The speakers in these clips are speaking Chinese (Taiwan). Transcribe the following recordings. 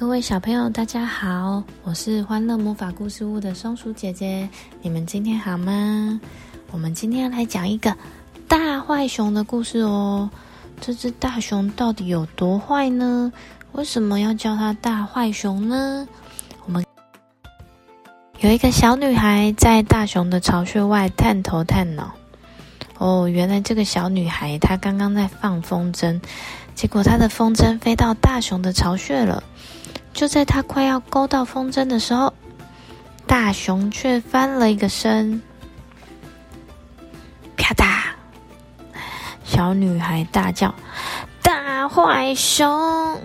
各位小朋友，大家好！我是歡樂魔法故事屋的松鼠姐姐。你們今天好嗎？我們今天要來講一個大壞熊的故事哦。這隻大熊到底有多壞呢？為什麼要叫它大壞熊呢？我們有一個小女孩在大熊的巢穴外探頭探腦。哦，原來這個小女孩她剛剛在放風箏，結果她的風箏飛到大熊的巢穴了。就在他快要勾到風箏的時候，大熊卻翻了一個身，啪嗒！小女孩大叫：“大壞熊！”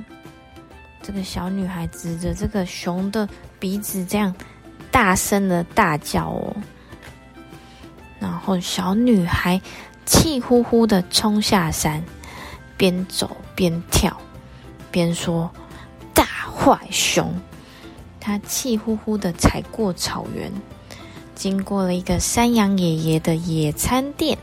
這個小女孩指着這個熊的鼻子，這樣大聲的大叫哦。然後小女孩氣呼呼的衝下山，邊走邊跳，邊說。壞熊，他氣呼呼的踩過草原，經過了一個山羊爺爺的野餐墊，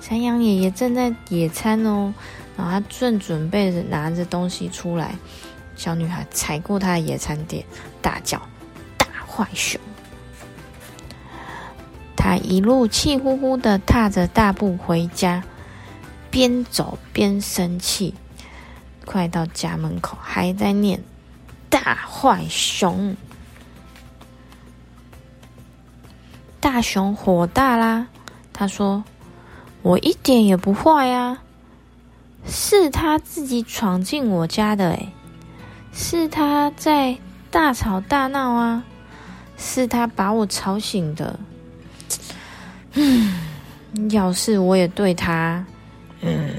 山羊爺爺正在野餐哦，然後他正準，準備着拿着東西出來，小女孩踩過他的野餐墊，大叫：“大壞熊！”他一路氣呼呼的踏着大步回家，邊走邊生氣，快到家門口還在念。大壞熊，大熊火大啦！他說：“我一點也不壞呀，是他自己闖進我家的、欸，誒，是他在大吵大鬧啊，是他把我吵醒的。”嗯，要是我也對他，嗯，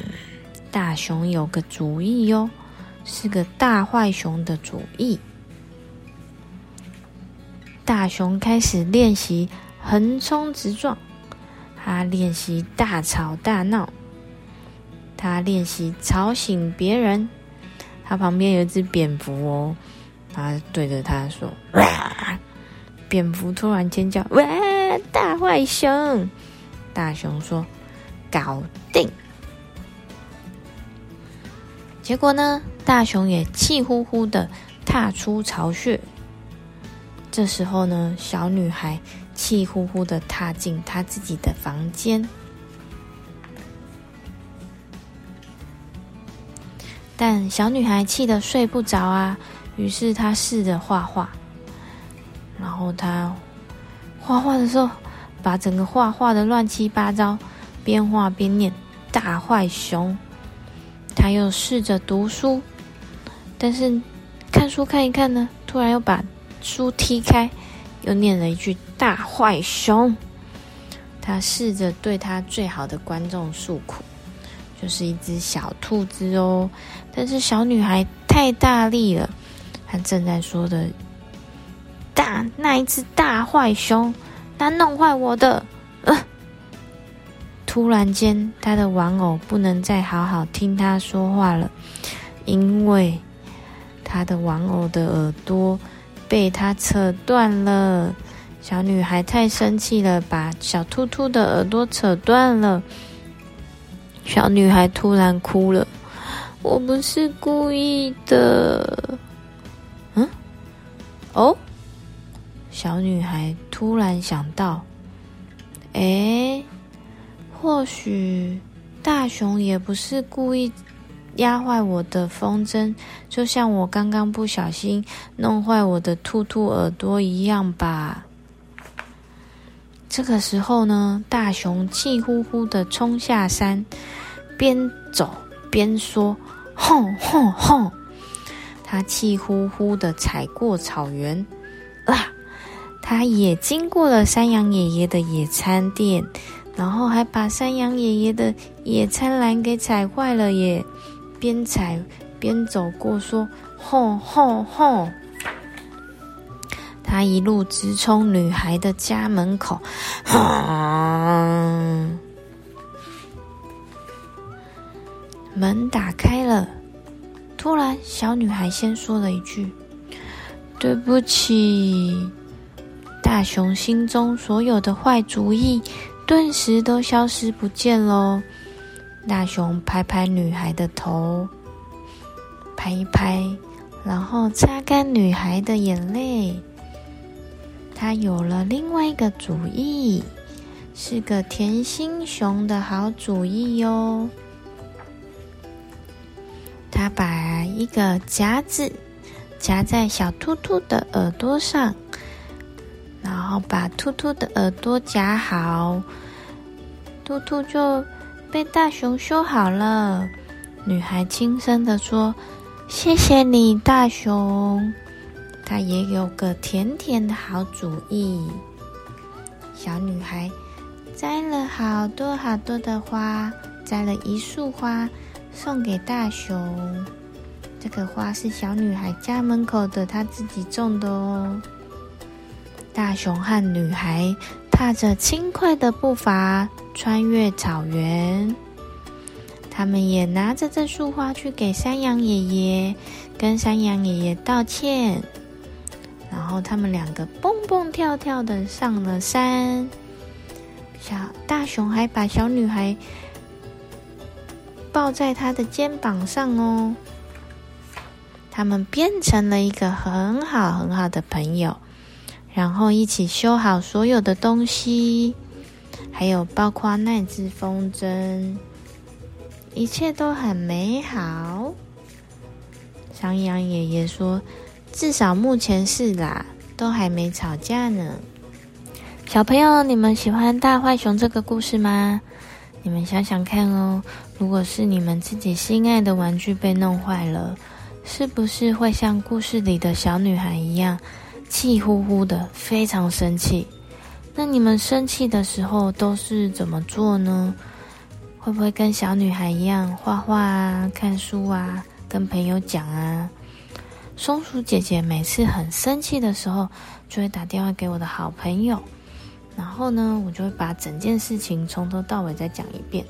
大熊有個主意喲。是個大壞熊的主意。大熊開始練習橫衝直撞，他練習大吵大鬧，他練習吵醒別人。他旁邊有一隻蝙蝠哦，他對着他說：“哇！”蝙蝠突然尖叫：“哇！”大壞熊，大熊說：“搞定。”結果呢，大熊也氣呼呼的踏出巢穴。這時候呢，小女孩氣呼呼的踏進她自己的房間。但小女孩氣得睡不着啊，於是她試着畫畫。然後她畫畫的時候，把整個畫畫的亂七八糟，邊畫邊念：“大壞熊。”他又試着讀書，但是看書看一看呢，突然又把書踢開，又念了一句“大壞熊”。他試着對他最好的觀眾訴苦，就是一隻小兔子哦。但是小女孩太大力了，她正在說的“大那一隻大壞熊”，他弄壞我的，呃突然間，她的玩偶不能再好好聽她說話了，因為她的玩偶的耳朵被她扯斷了。小女孩太生氣了，把小兔兔的耳朵扯斷了。小女孩突然哭了：“我不是故意的。”嗯？哦？小女孩突然想到：“欸？”或許大熊也不是故意壓壞我的風箏，就像我剛剛不小心弄壞我的兔兔耳朵一樣吧。這個時候呢，大熊氣呼呼的衝下山，邊走邊說：“轟轟轟！”他氣呼呼的踩過草原，啦，他也經過了山羊爺爺的野餐店。然後還把山羊爺爺的野餐籃給踩壞了耶！邊踩邊走過，說：“吼吼吼！”他一路直衝女孩的家門口，門打開了。突然，小女孩先說了一句：“對不起。”大熊心中所有的壞主意。頓時都消失不見嘍！大熊拍拍女孩的頭，拍一拍，然後擦乾女孩的眼淚。他有了另外一個主意，是個甜心熊的好主意喲、哦。他把一個夾子夾在小兔兔的耳朵上。然後把兔兔的耳朵夾好，兔兔就被大熊修好了。女孩輕聲地說：“謝謝你，大熊。”她也有個甜甜的好主意。小女孩摘了好多好多的花，摘了一束花送給大熊。這個花是小女孩家門口的，她自己種的哦。大熊和女孩踏着輕快的步伐穿越草原，他們也拿着這束花去給山羊爺爺跟山羊爺爺道歉，然後他們兩個蹦蹦跳跳的上了山，小大熊還把小女孩抱在他的肩膀上哦，他們變成了一個很好很好的朋友。然後一起修好所有的東西，還有包括那隻風箏，一切都很美好。山羊爺爺說：“至少目前是啦、啊，都還沒吵架呢。”小朋友，你們喜歡大壞熊這個故事嗎？你們想想看哦，如果是你們自己心愛的玩具被弄壞了，是不是會像故事裡的小女孩一樣？氣呼呼的，非常生氣。那你們生氣的時候都是怎麼做呢？會不會跟小女孩一樣畫畫啊、看書啊、跟朋友講啊？松鼠姐姐每次很生氣的時候，就會打電話給我的好朋友，然後呢，我就會把整件事情從頭到尾再講一遍。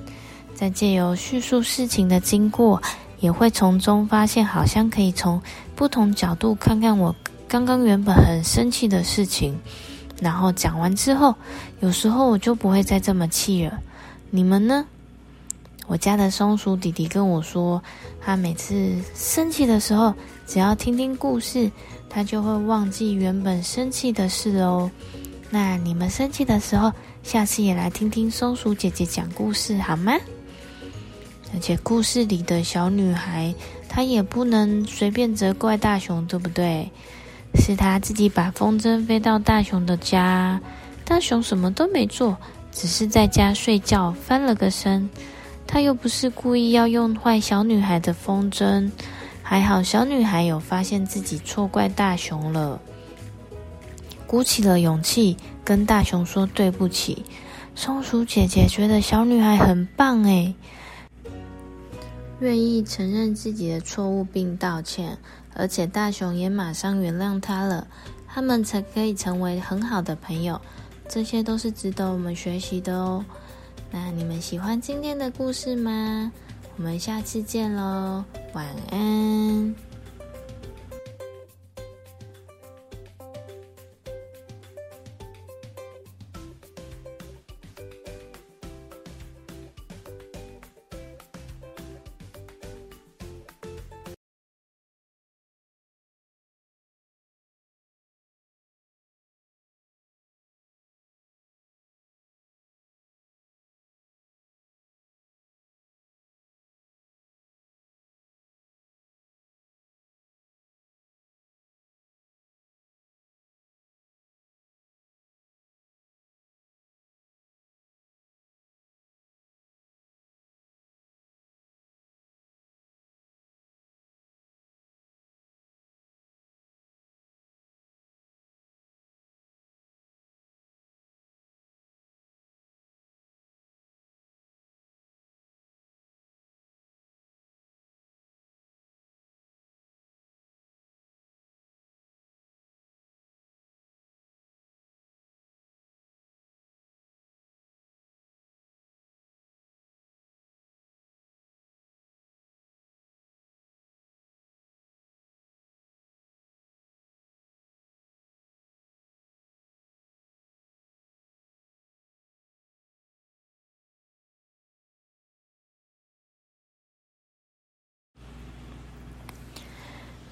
再借由敘述事情的經過，也會從中發現，好像可以從不同角度看看我。剛剛原本很生氣的事情，然後講完之後，有時候我就不會再這麼氣了。你們呢？我家的松鼠弟弟跟我說，他每次生氣的時候，只要聽聽故事，他就會忘記原本生氣的事哦。那你們生氣的時候，下次也來聽聽松鼠姐姐講故事好嗎？而且故事裡的小女孩，她也不能隨便責怪大熊，對不對？是他自己把風箏飛到大熊的家，大熊什麼都沒做，只是在家睡覺翻了個身。他又不是故意要用壞小女孩的風箏，還好小女孩有發現自己錯怪大熊了，鼓起了勇氣跟大熊說對不起。松鼠姐姐覺得小女孩很棒哎、欸。願意承認自己的錯誤並道歉，而且大熊也馬上原諒他了，他們才可以成為很好的朋友。這些都是值得我們學習的哦。那你們喜歡今天的故事嗎？我們下次見嘍，晚安。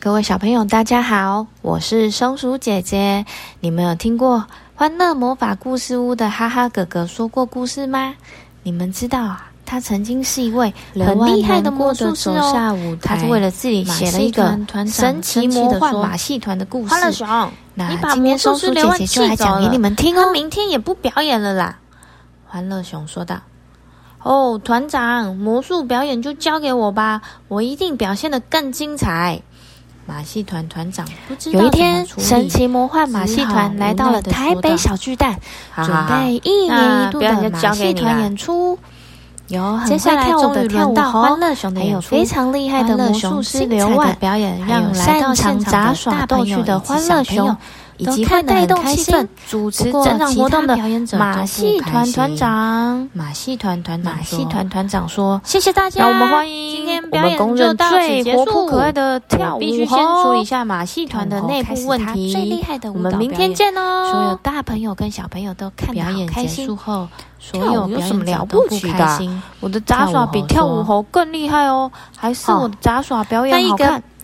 各位小朋友，大家好，我是松鼠姐姐。你們有聽過《歡樂魔法故事屋》的哈哈哥哥說過故事嗎？你們知道啊，他曾經是一位很厲害的魔術師哦。他是為了自己寫了一個神奇魔幻馬戲團的故事。歡樂熊，那今天松鼠姐姐就來講給你們聽哦。啊，他明天也不表演了啦。歡樂熊說道：“哦，團長，魔術表演就交給我吧，我一定表現得更精彩。”馬戲團團長不知道，有一天，神奇魔幻馬戲團來到了台北小巨蛋，的的準備一年一度的馬戲團演出。啊、有很會跳舞的跳舞猴，哦、還有出非常厲害的魔術師劉偉表演，擅長雜耍逗趣的歡樂熊。以及會帶動氣氛，主持整場活動的馬戲團團長。馬戲團團長說：“團團團長說謝謝大家，我們歡迎今天表演的最活潑可愛的跳舞猴。必須先處理一下馬戲團的內部問題。我們明天見哦。”所有大朋友跟小朋友都看得好開心。表演結束後，所有表演者都不開心。跳舞有什麼了不起的？我的雜耍比跳舞猴更厲害哦，還是我的雜耍表演好看？哦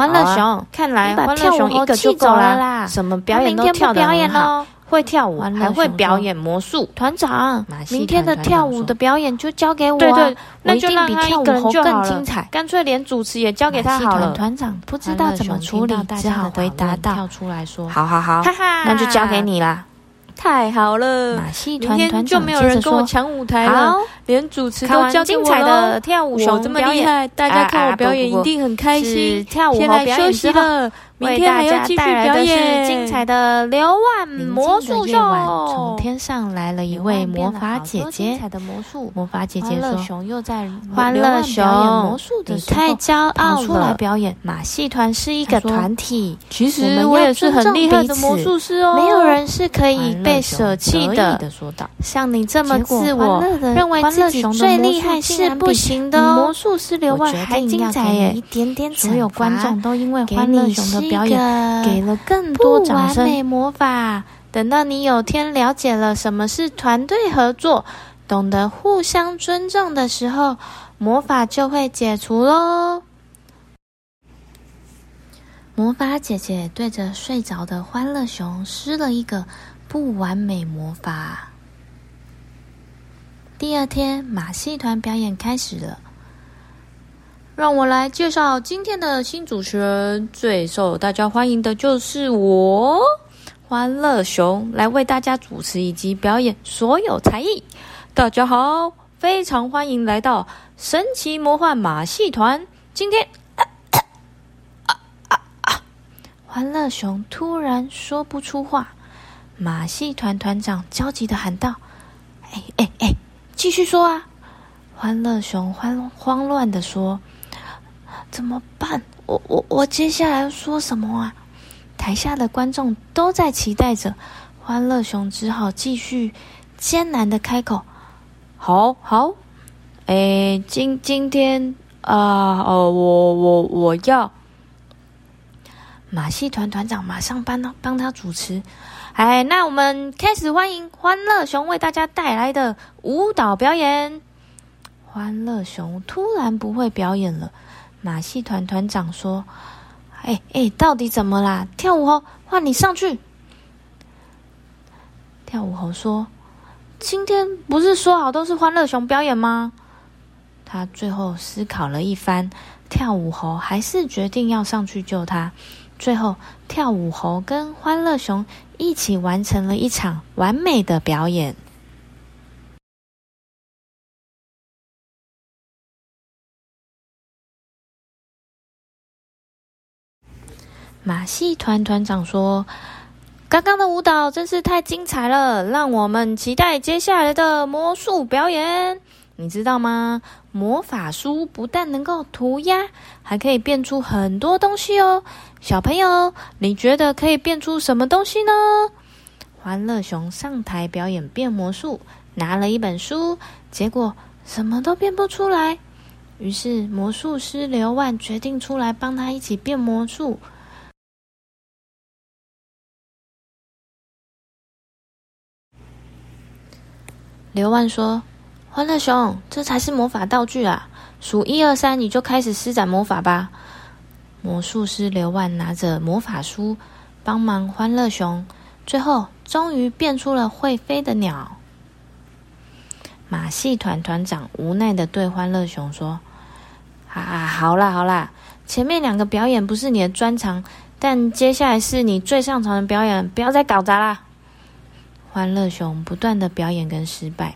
歡樂熊，看來歡樂熊一氣走了啦，什麼表演都跳得好，會跳舞還會表演魔術。團長，明天的跳舞的表演就交給我啊！對對，那就讓他一個人更精彩，乾脆連主持也交給他好了。團長不知道怎麼處理，只好回答道：“好好好，那就交給你啦。太好了，明天就沒有人跟我搶舞台了，連主持都交給我了。我這麼厲害，大家看我表演一定很開心。先來、啊啊啊、休息了。為大家帶來的是精彩的劉萬魔術秀。從天上來了一位魔法姐姐。精彩的魔術，魔法姐姐說：“歡樂熊魔術的你太驕傲了。出來表演，馬戲團是一個團體，其實我也是很厲害的魔術師哦。沒有人是可以被捨棄的。”說道：“像你這麼果自我，的認為自己最厲害是不行的哦。嗯”魔術師劉萬還精彩耶！一點點，所有觀眾都因為歡樂熊的。表演給了更多掌聲。不完美魔法，等到你有天了解了什麼是團隊合作，懂得互相尊重的時候，魔法就會解除嘍。魔法姐姐對着睡着的歡樂熊施了一個不完美魔法。第二天，馬戲團表演開始了。讓我來介紹今天的新主持人，最受大家歡迎的就是我——歡樂熊，來為大家主持以及表演所有才藝。大家好，非常歡迎來到神奇魔幻馬戲團。今天，啊啊啊！啊歡樂熊突然說不出話，馬戲團團長焦急地喊道：“哎哎哎，繼續說啊！”歡樂熊慌慌亂地說。怎麼辦？我我我，我接下來說什麼啊？台下的觀眾都在期待着，歡樂熊只好繼續艱難的開口：“好好，哎，今今天啊，呃，呃，我我我，我要馬戲團團長馬上幫幫他主持。哎，那我們開始歡迎歡樂熊為大家帶來的舞蹈表演。歡樂熊突然不會表演了。”馬戲團團長說：“哎、欸、哎、欸，到底怎麼啦？跳舞猴，換你上去。”跳舞猴說：“今天不是說好都是歡樂熊表演嗎？”他最後思考了一番，跳舞猴還是決定要上去救他。最後，跳舞猴跟歡樂熊一起完成了一場完美的表演。馬戲團團長說：“剛剛的舞蹈真是太精彩了，讓我們期待接下來的魔術表演。你知道嗎？魔法書不但能夠塗鴉，還可以變出很多東西哦。小朋友，你覺得可以變出什麼東西呢？”歡樂熊上台表演變魔術，拿了一本書，結果什麼都變不出來。於是魔術師劉萬決定出來幫他一起變魔術。劉萬說：“歡樂熊，這才是魔法道具啊！數一二三，你就開始施展魔法吧。”魔術師劉萬拿着魔法書，幫忙歡樂熊，最後終於變出了會飛的鳥。馬戲團團長無奈的對歡樂熊說：“啊，好啦好啦，前面兩個表演不是你的專長，但接下來是你最擅長的表演，不要再搞砸啦。”歡樂熊不斷的表演跟失敗，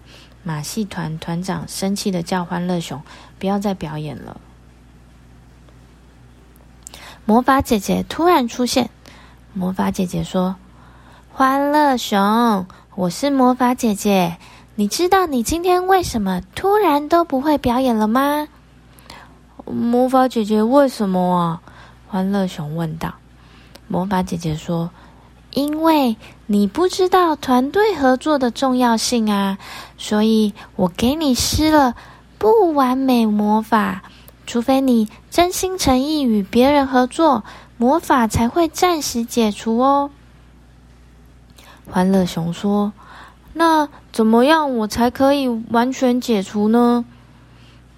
馬戲團團長生氣的叫歡樂熊不要再表演了。魔法姐姐突然出現，魔法姐姐說：“歡樂熊，我是魔法姐姐，你知道你今天為什麼突然都不會表演了嗎？”魔法姐姐爲什麼啊？歡樂熊問道。魔法姐姐說：“因為。”你不知道團隊合作的重要性啊！所以我給你施了不完美魔法，除非你真心誠意與別人合作，魔法才會暫時解除哦。歡樂熊說：“那怎麼樣我才可以完全解除呢？”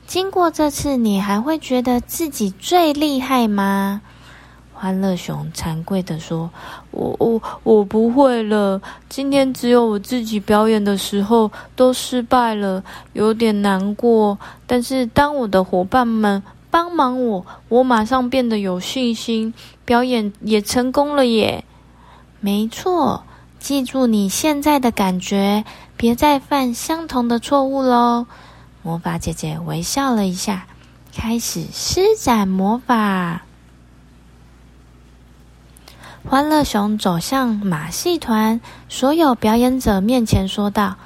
經過這次，你還會覺得自己最厲害嗎？歡樂熊慚愧的說：“我、我、我不會了。今天只有我自己表演的時候都失敗了，有點難過。但是當我的夥伴們幫忙我，我馬上變得有信心，表演也成功了耶！”沒錯，記住你現在的感覺，別再犯相同的錯誤嘍。”魔法姐姐微笑了一下，開始施展魔法。歡樂熊走向馬戲團所有表演者面前，說道：“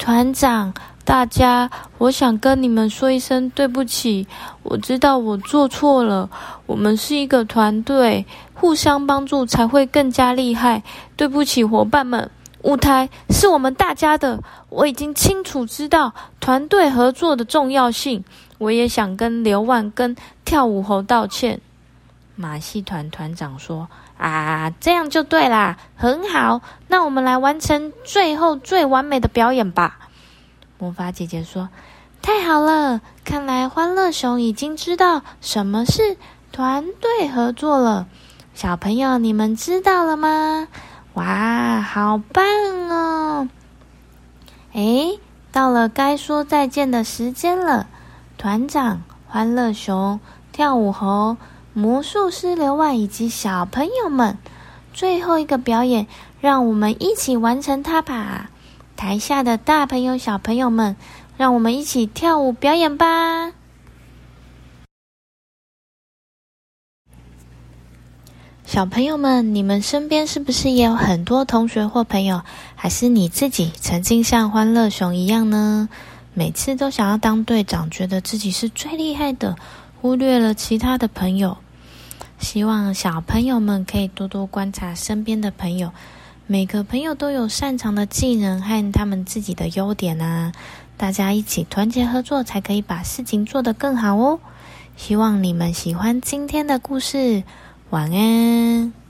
團長，大家，我想跟你們說一聲對不起。我知道我做錯了。我們是一個團隊，互相幫助才會更加厲害。對不起，夥伴們，舞台是我們大家的。我已經清楚知道團隊合作的重要性。我也想跟劉萬根、跳舞猴道歉。”馬戲團團長說。啊，這樣就對啦，很好。那我們來完成最後最完美的表演吧。魔法姐姐說：“太好了，看來歡樂熊已經知道什麼是團隊合作了。”小朋友，你們知道了嗎？哇，好棒哦！哎，到了該說再見的時間了。團長，歡樂熊，跳舞猴。魔術師劉萬以及小朋友們，最後一個表演，讓我們一起完成它吧！台下的大朋友、小朋友們，讓我們一起跳舞表演吧！小朋友們，你們身邊是不是也有很多同學或朋友，還是你自己曾經像歡樂熊一樣呢？每次都想要當隊長，覺得自己是最厲害的，忽略了其他的朋友。希望小朋友們可以多多觀察身邊的朋友，每個朋友都有擅長的技能和他們自己的優點啊！大家一起團結合作，才可以把事情做得更好哦！希望你們喜歡今天的故事，晚安。